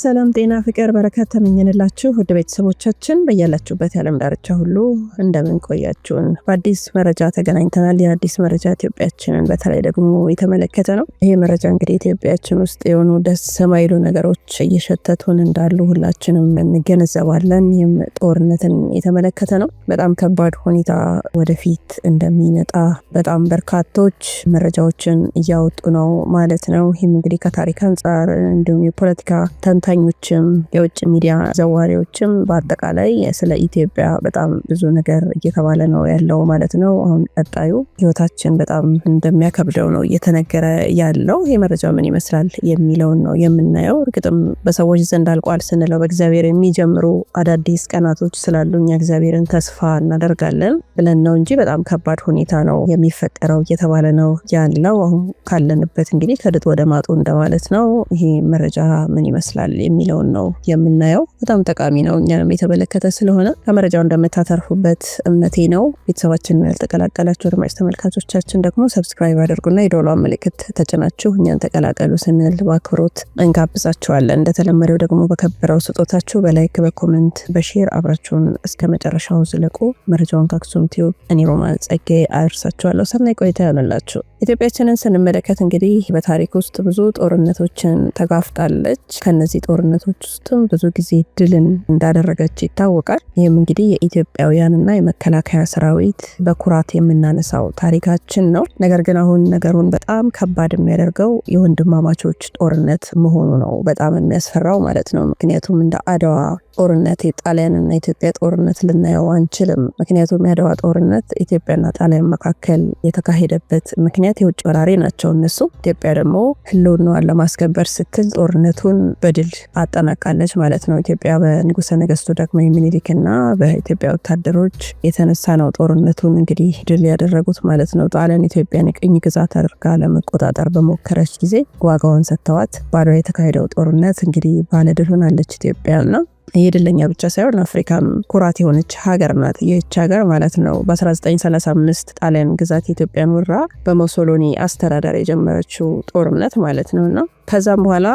ሰላም ጤና ፍቅር በረከት ተመኘንላችሁ ውድ ቤተሰቦቻችን በያላችሁበት የዓለም ዳርቻ ሁሉ እንደምን ቆያችሁን። በአዲስ መረጃ ተገናኝተናል። የአዲስ መረጃ ኢትዮጵያችንን በተለይ ደግሞ የተመለከተ ነው። ይሄ መረጃ እንግዲህ ኢትዮጵያችን ውስጥ የሆኑ ደስ የማይሉ ነገሮች እየሸተቱን እንዳሉ ሁላችንም እንገነዘባለን። ይህም ጦርነትን የተመለከተ ነው። በጣም ከባድ ሁኔታ ወደፊት እንደሚመጣ በጣም በርካቶች መረጃዎችን እያወጡ ነው ማለት ነው። ይህም እንግዲህ ከታሪክ አንጻር እንዲሁም የፖለቲካ ተንታ ተንታኞችም የውጭ ሚዲያ ዘዋሪዎችም በአጠቃላይ ስለ ኢትዮጵያ በጣም ብዙ ነገር እየተባለ ነው ያለው ማለት ነው። አሁን ቀጣዩ ህይወታችን በጣም እንደሚያከብደው ነው እየተነገረ ያለው። ይህ መረጃ ምን ይመስላል የሚለውን ነው የምናየው። እርግጥም በሰዎች ዘንድ አልቋል ስንለው በእግዚአብሔር የሚጀምሩ አዳዲስ ቀናቶች ስላሉ እኛ እግዚአብሔርን ተስፋ እናደርጋለን ብለን ነው እንጂ በጣም ከባድ ሁኔታ ነው የሚፈጠረው እየተባለ ነው ያለው። አሁን ካለንበት እንግዲህ ከድጡ ወደ ማጡ እንደማለት ነው። ይሄ መረጃ ምን ይመስላል ይችላል የሚለውን ነው የምናየው። በጣም ጠቃሚ ነው፣ እኛንም የተመለከተ ስለሆነ ከመረጃው እንደምታተርፉበት እምነቴ ነው። ቤተሰባችንን ያልተቀላቀላችሁ አድማጭ ተመልካቾቻችን ደግሞ ሰብስክራይብ አድርጉና የዶሏ ምልክት ተጭናችሁ እኛን ተቀላቀሉ ስንል በአክብሮት እንጋብዛችኋለን። እንደተለመደው ደግሞ በከበረው ስጦታችሁ በላይክ በኮመንት በሼር አብራችሁን እስከ መጨረሻው ዝለቁ። መረጃውን ከአክሱም ቲዩብ እኔ ሮማን ጸጌ አደርሳችኋለሁ። ሰናይ ቆይታ ይሆንላችሁ። ኢትዮጵያችንን ስንመለከት እንግዲህ በታሪክ ውስጥ ብዙ ጦርነቶችን ተጋፍጣለች። ከነዚህ ጦርነቶች ውስጥም ብዙ ጊዜ ድልን እንዳደረገች ይታወቃል። ይህም እንግዲህ የኢትዮጵያውያንና የመከላከያ ሰራዊት በኩራት የምናነሳው ታሪካችን ነው። ነገር ግን አሁን ነገሩን በጣም ከባድ የሚያደርገው የወንድማማቾች ጦርነት መሆኑ ነው። በጣም የሚያስፈራው ማለት ነው። ምክንያቱም እንደ አድዋ ጦርነት የጣሊያንና የኢትዮጵያ ጦርነት ልናየው አንችልም። ምክንያቱም የአድዋ ጦርነት ኢትዮጵያና ጣሊያን መካከል የተካሄደበት ምክንያት የውጭ ወራሪ ናቸው እነሱ። ኢትዮጵያ ደግሞ ሕልውናዋን ለማስከበር ስትል ጦርነቱን በድል አጠናቃለች ማለት ነው። ኢትዮጵያ በንጉሰ ነገስቱ ዳግማዊ ምኒልክና በኢትዮጵያ ወታደሮች የተነሳ ነው ጦርነቱን እንግዲህ ድል ያደረጉት ማለት ነው። ጣሊያን ኢትዮጵያን የቅኝ ግዛት አድርጋ ለመቆጣጠር በሞከረች ጊዜ ዋጋውን ሰጥተዋት ባድዋ የተካሄደው ጦርነት እንግዲህ ባለድል ሆናለች ኢትዮጵያ ነው። ይሄ ብቻ ሳይሆን አፍሪካም ኩራት የሆነች ሀገር ናት። ይህች ሀገር ማለት ነው በ1935 ጣሊያን ግዛት ኢትዮጵያን ወራ በሞሶሎኒ አስተዳደር የጀመረችው ጦርነት ማለት ነው እና ከዛም በኋላ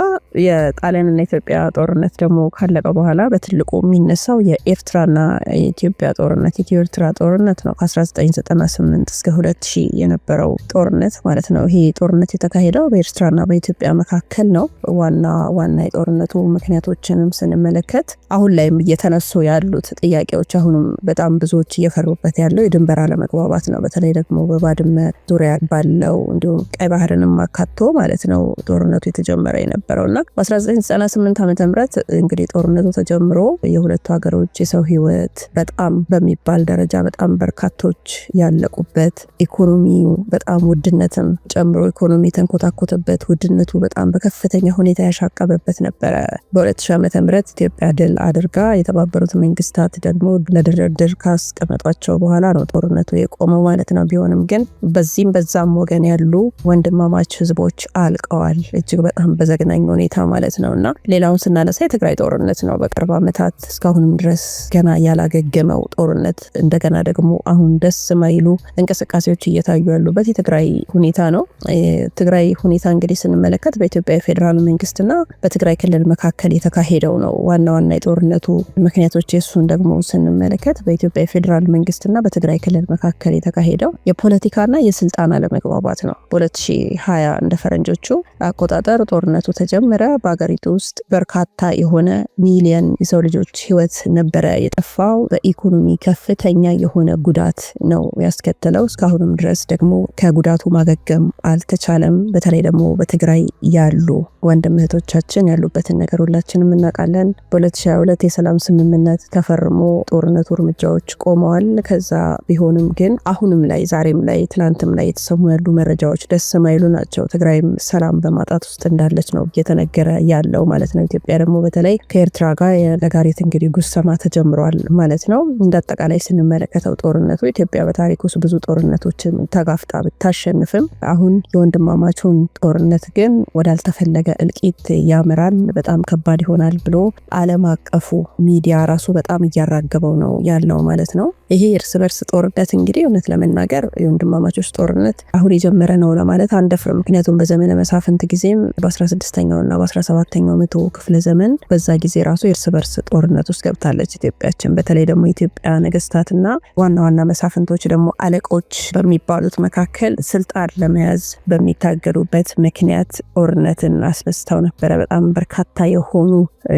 የጣሊያንና ኢትዮጵያ ጦርነት ደግሞ ካለቀ በኋላ በትልቁ የሚነሳው የኤርትራና የኢትዮጵያ ጦርነት ኢትዮ ኤርትራ ጦርነት ነው። ከ1998 እስከ 2000 የነበረው ጦርነት ማለት ነው። ይሄ ጦርነት የተካሄደው በኤርትራና በኢትዮጵያ መካከል ነው። ዋና ዋና የጦርነቱ ምክንያቶችንም ስንመለከት አሁን ላይም እየተነሱ ያሉት ጥያቄዎች አሁንም በጣም ብዙዎች እየፈሩበት ያለው የድንበር አለመግባባት ነው። በተለይ ደግሞ በባድመ ዙሪያ ባለው እንዲሁም ቀይ ባህርንም አካቶ ማለት ነው ጦርነቱ የተጀመረ የነበረው እና በ1998 ዓ ም እንግዲህ ጦርነቱ ተጀምሮ የሁለቱ ሀገሮች የሰው ህይወት በጣም በሚባል ደረጃ በጣም በርካቶች ያለቁበት ኢኮኖሚ በጣም ውድነትም ጨምሮ ኢኮኖሚ የተንኮታኮተበት ውድነቱ በጣም በከፍተኛ ሁኔታ ያሻቀበበት ነበረ። በ2000 ዓ ም ኢትዮጵያ ድል አድርጋ የተባበሩት መንግስታት ደግሞ ለድርድር ካስቀመጧቸው በኋላ ነው ጦርነቱ የቆመው ማለት ነው። ቢሆንም ግን በዚህም በዛም ወገን ያሉ ወንድማማች ህዝቦች አልቀዋል፣ እጅግ በጣም በዘግናኝ ሁኔታ ማለት ነው። እና ሌላውን ስናነሳ የትግራይ ጦርነት ነው። በቅርብ ዓመታት እስካሁንም ድረስ ገና ያላገገመው ጦርነት፣ እንደገና ደግሞ አሁን ደስ ማይሉ እንቅስቃሴዎች እየታዩ ያሉበት የትግራይ ሁኔታ ነው። የትግራይ ሁኔታ እንግዲህ ስንመለከት በኢትዮጵያ የፌዴራል መንግስትና በትግራይ ክልል መካከል የተካሄደው ነው ዋና ዋና ጦርነቱ ምክንያቶች የእሱን ደግሞ ስንመለከት በኢትዮጵያ የፌዴራል መንግስትና በትግራይ ክልል መካከል የተካሄደው የፖለቲካና የስልጣን አለመግባባት ነው። በ2020 እንደ ፈረንጆቹ አቆጣጠር ጦርነቱ ተጀመረ። በሀገሪቱ ውስጥ በርካታ የሆነ ሚሊየን የሰው ልጆች ህይወት ነበረ የጠፋው። በኢኮኖሚ ከፍተኛ የሆነ ጉዳት ነው ያስከተለው። እስካሁንም ድረስ ደግሞ ከጉዳቱ ማገገም አልተቻለም። በተለይ ደግሞ በትግራይ ያሉ ወንድም እህቶቻችን ያሉበትን ነገር ሁላችንም እናውቃለን። በ2022 የሰላም ስምምነት ተፈርሞ ጦርነቱ እርምጃዎች ቆመዋል። ከዛ ቢሆንም ግን አሁንም ላይ ዛሬም ላይ ትናንትም ላይ የተሰሙ ያሉ መረጃዎች ደስ ማይሉ ናቸው። ትግራይም ሰላም በማጣት ውስጥ እንዳለች ነው እየተነገረ ያለው ማለት ነው። ኢትዮጵያ ደግሞ በተለይ ከኤርትራ ጋር የነጋሪት እንግዲህ ጉሰማ ተጀምሯል ማለት ነው። እንደ አጠቃላይ ስንመለከተው ጦርነቱ ኢትዮጵያ በታሪክ ውስጥ ብዙ ጦርነቶችን ተጋፍጣ ብታሸንፍም አሁን የወንድማማቹን ጦርነት ግን ወዳልተፈለገ እልቂት ያምራል፣ በጣም ከባድ ይሆናል ብሎ ዓለም አቀፉ ሚዲያ ራሱ በጣም እያራገበው ነው ያለው ማለት ነው። ይሄ የእርስ በርስ ጦርነት እንግዲህ እውነት ለመናገር የወንድማማቾች ጦርነት አሁን የጀመረ ነው ለማለት አንደፍርም። ምክንያቱም በዘመነ መሳፍንት ጊዜም በ 16 እና በ17ኛው መቶ ክፍለ ዘመን በዛ ጊዜ ራሱ የእርስ በርስ ጦርነት ውስጥ ገብታለች ኢትዮጵያችን። በተለይ ደግሞ ኢትዮጵያ ነገስታትና ዋና ዋና መሳፍንቶች ደግሞ አለቆች በሚባሉት መካከል ስልጣን ለመያዝ በሚታገሉበት ምክንያት ጦርነትን አስነስተው ነበረ። በጣም በርካታ የሆኑ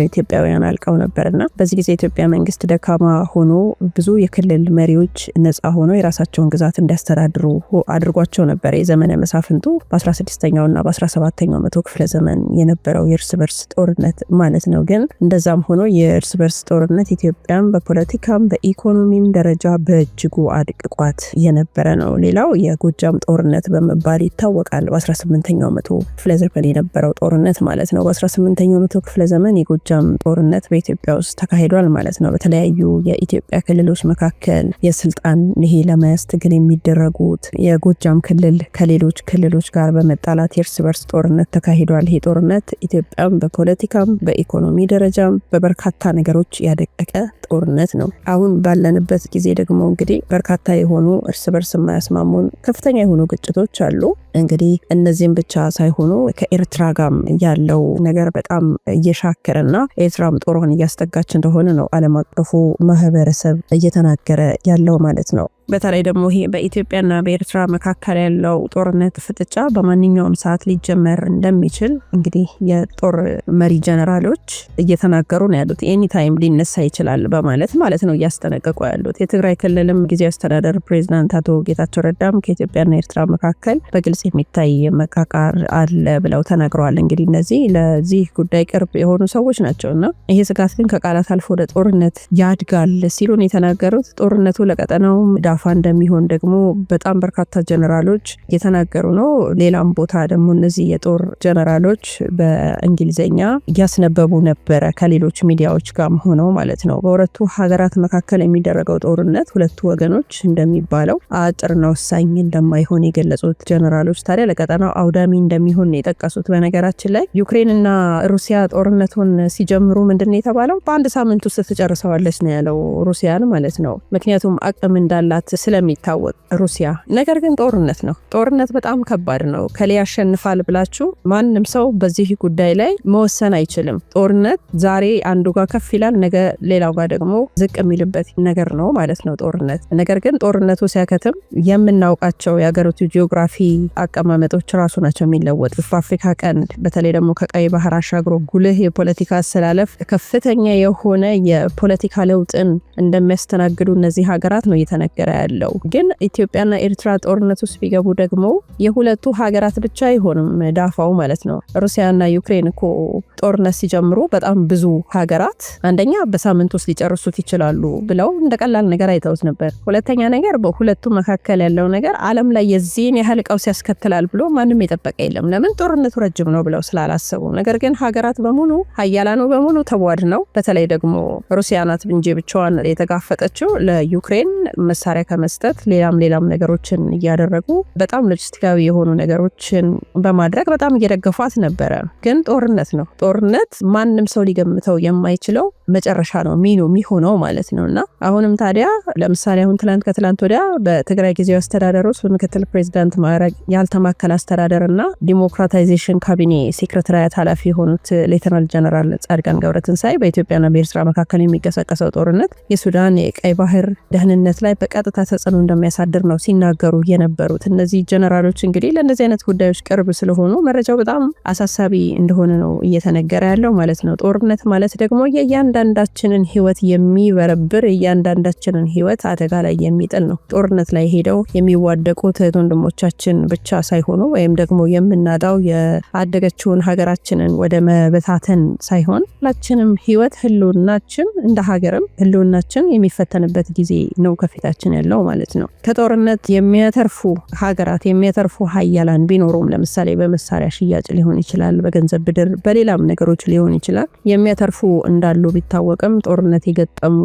ኢትዮጵያውያን አልቀው ነበር እና በዚህ ጊዜ የኢትዮጵያ መንግስት ደካማ ሆኖ ብዙ የክልል መሪዎች ነፃ ሆኖ የራሳቸውን ግዛት እንዲያስተዳድሩ አድርጓቸው ነበር። የዘመነ መሳፍንቱ በ16ኛው እና በ17ኛው መቶ ክፍለ ዘመን የነበረው የእርስ በርስ ጦርነት ማለት ነው። ግን እንደዛም ሆኖ የእርስ በርስ ጦርነት ኢትዮጵያም በፖለቲካም በኢኮኖሚም ደረጃ በእጅጉ አድቅቋት የነበረ ነው። ሌላው የጎጃም ጦርነት በመባል ይታወቃል። በ18ኛው መቶ ክፍለ ዘመን የነበረው ጦር ጦርነት ማለት ነው በ18ኛው መቶ ክፍለ ዘመን የጎጃም ጦርነት በኢትዮጵያ ውስጥ ተካሂዷል ማለት ነው። በተለያዩ የኢትዮጵያ ክልሎች መካከል የስልጣን ይሄ ለመያዝ ትግል የሚደረጉት የጎጃም ክልል ከሌሎች ክልሎች ጋር በመጣላት የእርስ በርስ ጦርነት ተካሂዷል። ይሄ ጦርነት ኢትዮጵያም በፖለቲካም በኢኮኖሚ ደረጃም በበርካታ ነገሮች ያደቀቀ ጦርነት ነው። አሁን ባለንበት ጊዜ ደግሞ እንግዲህ በርካታ የሆኑ እርስ በርስ የማያስማሙን ከፍተኛ የሆኑ ግጭቶች አሉ። እንግዲህ እነዚህም ብቻ ሳይሆኑ ከኤርትራ ጋም ያለው ነገር በጣም እየሻከረና ኤርትራም ጦሮን እያስጠጋች እንደሆነ ነው ዓለም አቀፉ ማህበረሰብ እየተናገረ ያለው ማለት ነው። በተለይ ደግሞ ይሄ በኢትዮጵያና በኤርትራ መካከል ያለው ጦርነት ፍጥጫ በማንኛውም ሰዓት ሊጀመር እንደሚችል እንግዲህ የጦር መሪ ጀነራሎች እየተናገሩ ነው ያሉት። ኤኒታይም ሊነሳ ይችላል በማለት ማለት ነው እያስጠነቀቁ ያሉት። የትግራይ ክልልም ጊዜ አስተዳደር ፕሬዚዳንት አቶ ጌታቸው ረዳም ከኢትዮጵያና ኤርትራ መካከል በግልጽ የሚታይ መቃቃር አለ ብለው ተናግረዋል። እንግዲህ እነዚህ ለዚህ ጉዳይ ቅርብ የሆኑ ሰዎች ናቸው እና ይሄ ስጋት ግን ከቃላት አልፎ ወደ ጦርነት ያድጋል ሲሉን የተናገሩት ጦርነቱ ለቀጠናውም አንጋፋ እንደሚሆን ደግሞ በጣም በርካታ ጀነራሎች እየተናገሩ ነው። ሌላም ቦታ ደግሞ እነዚህ የጦር ጀነራሎች በእንግሊዝኛ እያስነበቡ ነበረ ከሌሎች ሚዲያዎች ጋር ሆነው ማለት ነው። በሁለቱ ሀገራት መካከል የሚደረገው ጦርነት ሁለቱ ወገኖች እንደሚባለው አጭርና ወሳኝ እንደማይሆን የገለጹት ጀነራሎች ታዲያ ለቀጠናው አውዳሚ እንደሚሆን የጠቀሱት። በነገራችን ላይ ዩክሬንና ሩሲያ ጦርነቱን ሲጀምሩ ምንድን የተባለው? በአንድ ሳምንት ውስጥ ትጨርሰዋለች ነው ያለው ሩሲያን ማለት ነው። ምክንያቱም አቅም እንዳላት በብዛት ስለሚታወቅ ሩሲያ። ነገር ግን ጦርነት ነው። ጦርነት በጣም ከባድ ነው። ከሌ ያሸንፋል ብላችሁ ማንም ሰው በዚህ ጉዳይ ላይ መወሰን አይችልም። ጦርነት ዛሬ አንዱ ጋር ከፍ ይላል፣ ነገ ሌላው ጋር ደግሞ ዝቅ የሚልበት ነገር ነው ማለት ነው ጦርነት። ነገር ግን ጦርነቱ ሲያከትም የምናውቃቸው የሀገሪቱ ጂኦግራፊ አቀማመጦች ራሱ ናቸው የሚለወጥ በአፍሪካ ቀንድ በተለይ ደግሞ ከቀይ ባህር አሻግሮ ጉልህ የፖለቲካ አሰላለፍ ከፍተኛ የሆነ የፖለቲካ ለውጥን እንደሚያስተናግዱ እነዚህ ሀገራት ነው እየተነገረ ያለው። ግን ኢትዮጵያና ኤርትራ ጦርነት ውስጥ ቢገቡ ደግሞ የሁለቱ ሀገራት ብቻ አይሆንም ዳፋው ማለት ነው። ሩሲያና ዩክሬን እኮ ጦርነት ሲጀምሩ በጣም ብዙ ሀገራት አንደኛ በሳምንት ውስጥ ሊጨርሱት ይችላሉ ብለው እንደ ቀላል ነገር አይተውት ነበር። ሁለተኛ ነገር በሁለቱ መካከል ያለው ነገር ዓለም ላይ የዚህን ያህል ቀውስ ያስከትላል ብሎ ማንም የጠበቀ የለም። ለምን ጦርነቱ ረጅም ነው ብለው ስላላሰቡ። ነገር ግን ሀገራት በሙሉ ሀያላኑ በሙሉ ተዋድ ነው። በተለይ ደግሞ ሩሲያ ናት እንጂ ብቻዋን የተጋፈጠችው ለዩክሬን መሳሪያ ከመስጠት ሌላም ሌላም ነገሮችን እያደረጉ በጣም ሎጂስቲካዊ የሆኑ ነገሮችን በማድረግ በጣም እየደገፏት ነበረ። ግን ጦርነት ነው። ጦርነት ማንም ሰው ሊገምተው የማይችለው መጨረሻ ነው ሚኑ የሚሆነው ማለት ነው። እና አሁንም ታዲያ ለምሳሌ አሁን ትላንት ከትላንት ወዲያ በትግራይ ጊዜ አስተዳደር ውስጥ በምክትል ፕሬዚዳንት ማዕረግ ያልተማከለ አስተዳደር እና ዲሞክራታይዜሽን ካቢኔ ሴክሬታሪያት ኃላፊ የሆኑት ሌተናል ጀነራል ጻድቃን ገብረትንሳኤ በኢትዮጵያና በኤርትራ መካከል የሚቀሰቀሰው ጦርነት የሱዳን የቀይ ባህር ደህንነት ላይ በቀጥ በቀጥታ ተጽዕኖ እንደሚያሳድር ነው ሲናገሩ የነበሩት። እነዚህ ጀነራሎች እንግዲህ ለእነዚህ አይነት ጉዳዮች ቅርብ ስለሆኑ መረጃው በጣም አሳሳቢ እንደሆነ ነው እየተነገረ ያለው ማለት ነው። ጦርነት ማለት ደግሞ የእያንዳንዳችንን ህይወት የሚበረብር የእያንዳንዳችንን ህይወት አደጋ ላይ የሚጥል ነው። ጦርነት ላይ ሄደው የሚዋደቁት እህት ወንድሞቻችን ብቻ ሳይሆኑ ወይም ደግሞ የምናዳው የአደገችውን ሀገራችንን ወደ መበታተን ሳይሆን ሁላችንም ህይወት ህልውናችን እንደ ሀገርም ህልውናችን የሚፈተንበት ጊዜ ነው ከፊታችን ያለው ማለት ነው። ከጦርነት የሚያተርፉ ሀገራት የሚያተርፉ ሀያላን ቢኖሩም ለምሳሌ በመሳሪያ ሽያጭ ሊሆን ይችላል፣ በገንዘብ ብድር፣ በሌላም ነገሮች ሊሆን ይችላል የሚያተርፉ እንዳሉ ቢታወቅም ጦርነት የገጠሙ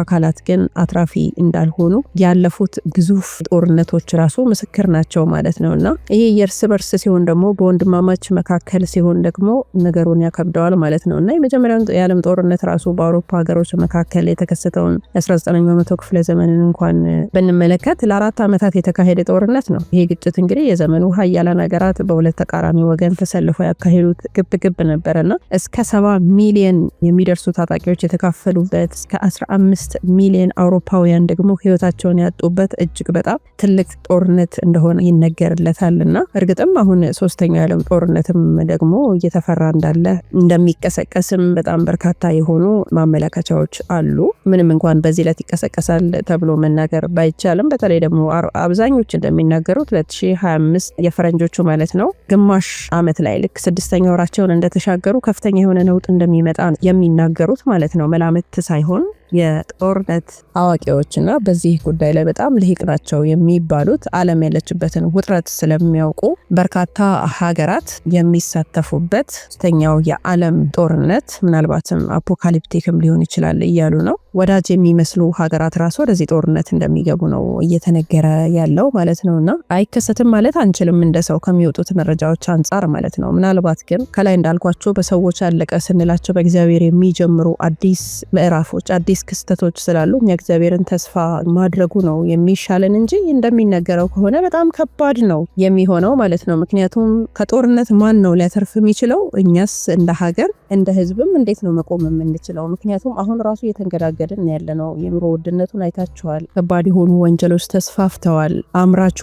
አካላት ግን አትራፊ እንዳልሆኑ ያለፉት ግዙፍ ጦርነቶች ራሱ ምስክር ናቸው ማለት ነው እና ይሄ የእርስ በርስ ሲሆን ደግሞ በወንድማማች መካከል ሲሆን ደግሞ ነገሩን ያከብደዋል ማለት ነው እና የመጀመሪያውን የዓለም ጦርነት ራሱ በአውሮፓ ሀገሮች መካከል የተከሰተውን 19 ኛው መቶ ክፍለ ዘመንን እንኳን ብንመለከት ለአራት ዓመታት የተካሄደ ጦርነት ነው። ይሄ ግጭት እንግዲህ የዘመኑ ሀያላን ሀገራት በሁለት ተቃራሚ ወገን ተሰልፈው ያካሄዱት ግብ ግብ ነበረና እስከ ሰባ ሚሊየን የሚደርሱ ታጣቂዎች የተካፈሉበት እስከ 15 ሚሊየን አውሮፓውያን ደግሞ ህይወታቸውን ያጡበት እጅግ በጣም ትልቅ ጦርነት እንደሆነ ይነገርለታል። እና እርግጥም አሁን ሶስተኛው የዓለም ጦርነትም ደግሞ እየተፈራ እንዳለ እንደሚቀሰቀስም በጣም በርካታ የሆኑ ማመላከቻዎች አሉ። ምንም እንኳን በዚህ ዕለት ይቀሰቀሳል ተብሎ መናገር ባይቻልም በተለይ ደግሞ አብዛኞች እንደሚናገሩት 2025 የፈረንጆቹ ማለት ነው ግማሽ አመት ላይ ልክ ስድስተኛ ወራቸውን እንደተሻገሩ ከፍተኛ የሆነ ነውጥ እንደሚመጣ የሚናገሩት ማለት ነው መላምት ሳይሆን የጦርነት አዋቂዎችና በዚህ ጉዳይ ላይ በጣም ልሂቅ ናቸው የሚባሉት ዓለም ያለችበትን ውጥረት ስለሚያውቁ በርካታ ሀገራት የሚሳተፉበት ሶስተኛው የዓለም ጦርነት ምናልባትም አፖካሊፕቲክም ሊሆን ይችላል እያሉ ነው። ወዳጅ የሚመስሉ ሀገራት ራሱ ወደዚህ ጦርነት እንደሚገቡ ነው እየተነገረ ያለው ማለት ነው። እና አይከሰትም ማለት አንችልም እንደ ሰው ከሚወጡት መረጃዎች አንጻር ማለት ነው። ምናልባት ግን ከላይ እንዳልኳቸው በሰዎች አለቀ ስንላቸው በእግዚአብሔር የሚጀምሩ አዲስ ምዕራፎች አዲስ አዳዲስ ክስተቶች ስላሉ እኛ እግዚአብሔርን ተስፋ ማድረጉ ነው የሚሻለን እንጂ እንደሚነገረው ከሆነ በጣም ከባድ ነው የሚሆነው ማለት ነው። ምክንያቱም ከጦርነት ማን ነው ሊያተርፍ የሚችለው? እኛስ እንደ ሀገር እንደ ህዝብም እንዴት ነው መቆም የምንችለው? ምክንያቱም አሁን ራሱ እየተንገዳገድን ያለ ነው። የኑሮ ውድነቱን አይታችኋል። ከባድ የሆኑ ወንጀሎች ተስፋፍተዋል። አምራቹ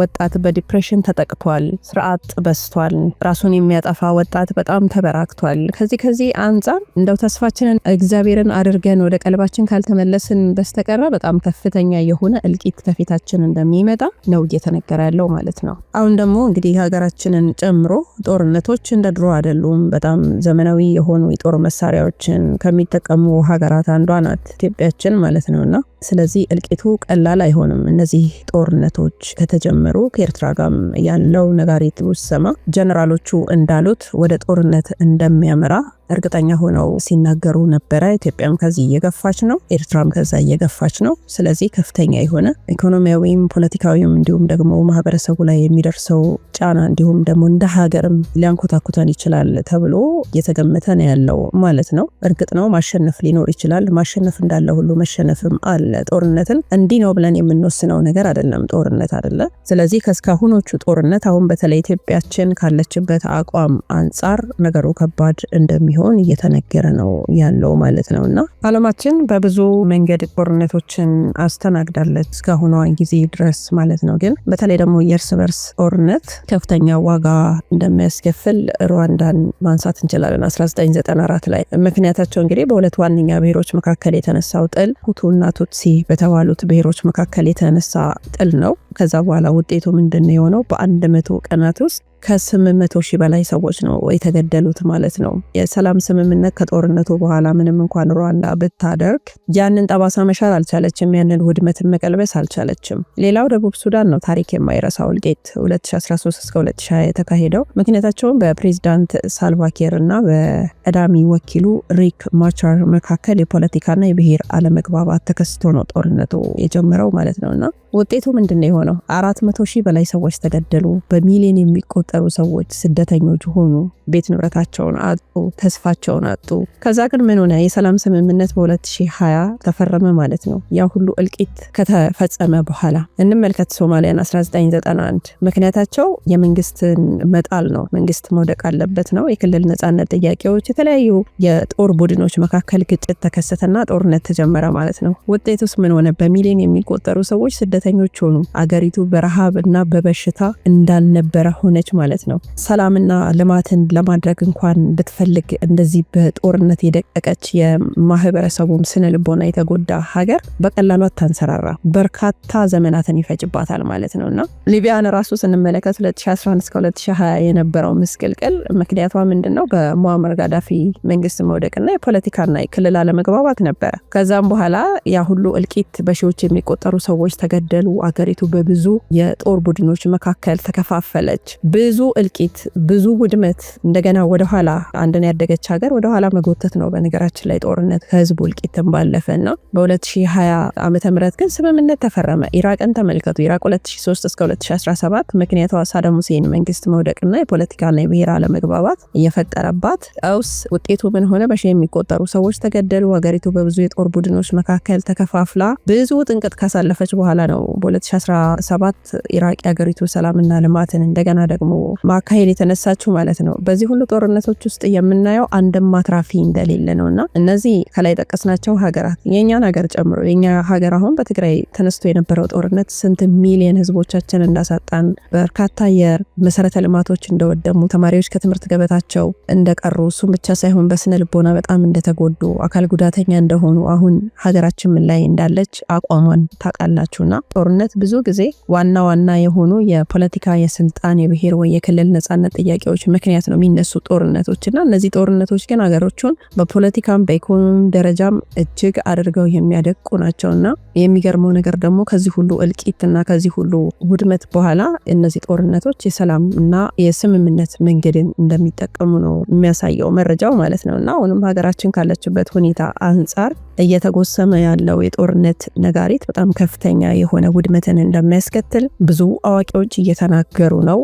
ወጣት በዲፕሬሽን ተጠቅቷል። ስርዓት በስቷል። ራሱን የሚያጠፋ ወጣት በጣም ተበራክቷል። ከዚህ ከዚህ አንጻር እንደው ተስፋችንን እግዚአብሔርን አድርገን ወደ ቀልባችን ካልተመለስን በስተቀረ በጣም ከፍተኛ የሆነ እልቂት ከፊታችን እንደሚመጣ ነው እየተነገረ ያለው ማለት ነው። አሁን ደግሞ እንግዲህ ሀገራችንን ጨምሮ ጦርነቶች እንደ ድሮ አይደሉም። በጣም ዘመናዊ የሆኑ የጦር መሳሪያዎችን ከሚጠቀሙ ሀገራት አንዷ ናት ኢትዮጵያችን ማለት ነውና ስለዚህ እልቂቱ ቀላል አይሆንም። እነዚህ ጦርነቶች ከተጀመሩ ከኤርትራ ጋም ያለው ነጋሪት ውስጥ ሰማ ጀነራሎቹ እንዳሉት ወደ ጦርነት እንደሚያመራ እርግጠኛ ሆነው ሲናገሩ ነበረ። ኢትዮጵያም ከዚህ እየገፋች ነው፣ ኤርትራም ከዛ እየገፋች ነው። ስለዚህ ከፍተኛ የሆነ ኢኮኖሚያዊም ፖለቲካዊም እንዲሁም ደግሞ ማህበረሰቡ ላይ የሚደርሰው ጫና እንዲሁም ደግሞ እንደ ሀገርም ሊያንኮታኩተን ይችላል ተብሎ እየተገመተ ነው ያለው ማለት ነው። እርግጥ ነው ማሸነፍ ሊኖር ይችላል። ማሸነፍ እንዳለ ሁሉ መሸነፍም አለ። ጦርነትን እንዲህ ነው ብለን የምንወስነው ነገር አይደለም። ጦርነት አይደለ። ስለዚህ ከእስካሁኖቹ ጦርነት አሁን በተለይ ኢትዮጵያችን ካለችበት አቋም አንጻር ነገሩ ከባድ እንደሚሆን እየተነገረ ነው ያለው ማለት ነው። እና አለማችን በብዙ መንገድ ጦርነቶችን አስተናግዳለች እስካሁኗ ጊዜ ድረስ ማለት ነው። ግን በተለይ ደግሞ የእርስ በርስ ጦርነት ከፍተኛ ዋጋ እንደሚያስከፍል ሩዋንዳን ማንሳት እንችላለን። 1994 ላይ ምክንያታቸው እንግዲህ በሁለት ዋነኛ ብሔሮች መካከል የተነሳው ጥል ሁቱና ቱትሲ በተባሉት ብሔሮች መካከል የተነሳ ጥል ነው። ከዛ በኋላ ውጤቱ ምንድን የሆነው በአንድ መቶ ቀናት ውስጥ ከ800 ሺህ በላይ ሰዎች ነው የተገደሉት ማለት ነው። የሰላም ስምምነት ከጦርነቱ በኋላ ምንም እንኳን ሩዋንዳ ብታደርግ ያንን ጠባሳ መሻር አልቻለችም፣ ያንን ውድመትን መቀልበስ አልቻለችም። ሌላው ደቡብ ሱዳን ነው። ታሪክ የማይረሳው እልቂት 2013 እስከ 2020 የተካሄደው ምክንያታቸውም በፕሬዚዳንት ሳልቫኪር እና በቀዳሚ ወኪሉ ሪክ ማቻር መካከል የፖለቲካና የብሔር አለመግባባት ተከስቶ ነው ጦርነቱ የጀመረው ማለት ነው እና ውጤቱ ምንድን ነው የሆነው? 400 ሺህ በላይ ሰዎች ተገደሉ በሚሊዮን የሚቆ የተፈናቀሉ ሰዎች ስደተኞች ሆኑ፣ ቤት ንብረታቸውን አጡ፣ ተስፋቸውን አጡ። ከዛ ግን ምን ሆነ? የሰላም ስምምነት በ2020 ተፈረመ ማለት ነው። ያ ሁሉ እልቂት ከተፈጸመ በኋላ እንመልከት ሶማሊያን 1991 ምክንያታቸው የመንግስትን መጣል ነው። መንግስት መውደቅ አለበት ነው። የክልል ነጻነት ጥያቄዎች፣ የተለያዩ የጦር ቡድኖች መካከል ግጭት ተከሰተና ጦርነት ተጀመረ ማለት ነው። ውጤቱስ ምን ሆነ? በሚሊዮን የሚቆጠሩ ሰዎች ስደተኞች ሆኑ። አገሪቱ በረሃብ እና በበሽታ እንዳልነበረ ሆነች ማለት ነው። ሰላምና ልማትን ለማድረግ እንኳን ብትፈልግ እንደዚህ በጦርነት የደቀቀች የማህበረሰቡም ስነ ልቦና የተጎዳ ሀገር በቀላሉ አታንሰራራ፣ በርካታ ዘመናትን ይፈጅባታል ማለት ነው እና ሊቢያን ራሱ ስንመለከት 2011 እስከ 2020 የነበረው ምስቅልቅል ምክንያቷ ምንድን ነው? በሙአመር ጋዳፊ መንግስት መውደቅና የፖለቲካና የክልል አለመግባባት ነበረ። ከዛም በኋላ ያ ሁሉ እልቂት በሺዎች የሚቆጠሩ ሰዎች ተገደሉ። አገሪቱ በብዙ የጦር ቡድኖች መካከል ተከፋፈለች። ብዙ እልቂት፣ ብዙ ውድመት እንደገና ወደኋላ አንድን ያደገች ሀገር ወደኋላ መጎተት ነው። በነገራችን ላይ ጦርነት ከህዝቡ እልቂትን ባለፈ እና በ2020 ዓ ም ግን ስምምነት ተፈረመ። ኢራቅን ተመልከቱ። ኢራቅ 2003 እስከ 2017 ምክንያቷ ሳዳም ሁሴን መንግስት መውደቅና የፖለቲካና የብሔር አለመግባባት እየፈጠረባት ቀውስ ውጤቱ ምን ሆነ? በሺ የሚቆጠሩ ሰዎች ተገደሉ። ሀገሪቱ በብዙ የጦር ቡድኖች መካከል ተከፋፍላ ብዙ ጥንቅጥ ካሳለፈች በኋላ ነው በ2017 ኢራቅ የሀገሪቱ ሰላምና ልማትን እንደገና ደግሞ ማካሄድ የተነሳችው ማለት ነው። በዚህ ሁሉ ጦርነቶች ውስጥ የምናየው አንድም ማትራፊ እንደሌለ ነው እና እነዚህ ከላይ ጠቀስናቸው ሀገራት የእኛን ሀገር ጨምሮ የኛ ሀገር አሁን በትግራይ ተነስቶ የነበረው ጦርነት ስንት ሚሊየን ህዝቦቻችን እንዳሳጣን፣ በርካታ የመሰረተ ልማቶች እንደወደሙ፣ ተማሪዎች ከትምህርት ገበታቸው እንደቀሩ፣ እሱም ብቻ ሳይሆን በስነ ልቦና በጣም እንደተጎዱ፣ አካል ጉዳተኛ እንደሆኑ አሁን ሀገራችን ምን ላይ እንዳለች አቋሟን ታውቃላችሁና ጦርነት ብዙ ጊዜ ዋና ዋና የሆኑ የፖለቲካ የስልጣን የብሔር ወይ የክልል ነጻነት ጥያቄዎች ምክንያት ነው የሚነሱ ጦርነቶች እና እነዚህ ጦርነቶች ግን ሀገሮቹን በፖለቲካም በኢኮኖሚ ደረጃም እጅግ አድርገው የሚያደቁ ናቸው እና የሚገርመው ነገር ደግሞ ከዚህ ሁሉ እልቂት እና ከዚህ ሁሉ ውድመት በኋላ እነዚህ ጦርነቶች የሰላም እና የስምምነት መንገድን እንደሚጠቀሙ ነው የሚያሳየው መረጃው ማለት ነው እና አሁንም ሀገራችን ካለችበት ሁኔታ አንጻር እየተጎሰመ ያለው የጦርነት ነጋሪት በጣም ከፍተኛ የሆነ ውድመትን እንደሚያስከትል ብዙ አዋቂዎች እየተናገሩ ነው።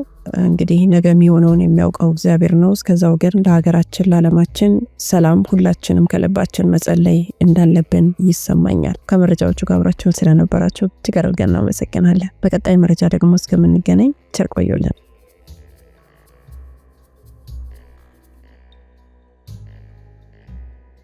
እንግዲህ ነገ የሚሆነውን የሚያውቀው እግዚአብሔር ነው። እስከዛው ግን ለሀገራችን፣ ለዓለማችን ሰላም ሁላችንም ከልባችን መጸለይ እንዳለብን ይሰማኛል። ከመረጃዎቹ ጋር አብራችሁን ስለነበራችሁ እጅግ አድርገን እናመሰግናለን። በቀጣይ መረጃ ደግሞ እስከምንገናኝ ቸር ቆዩልን።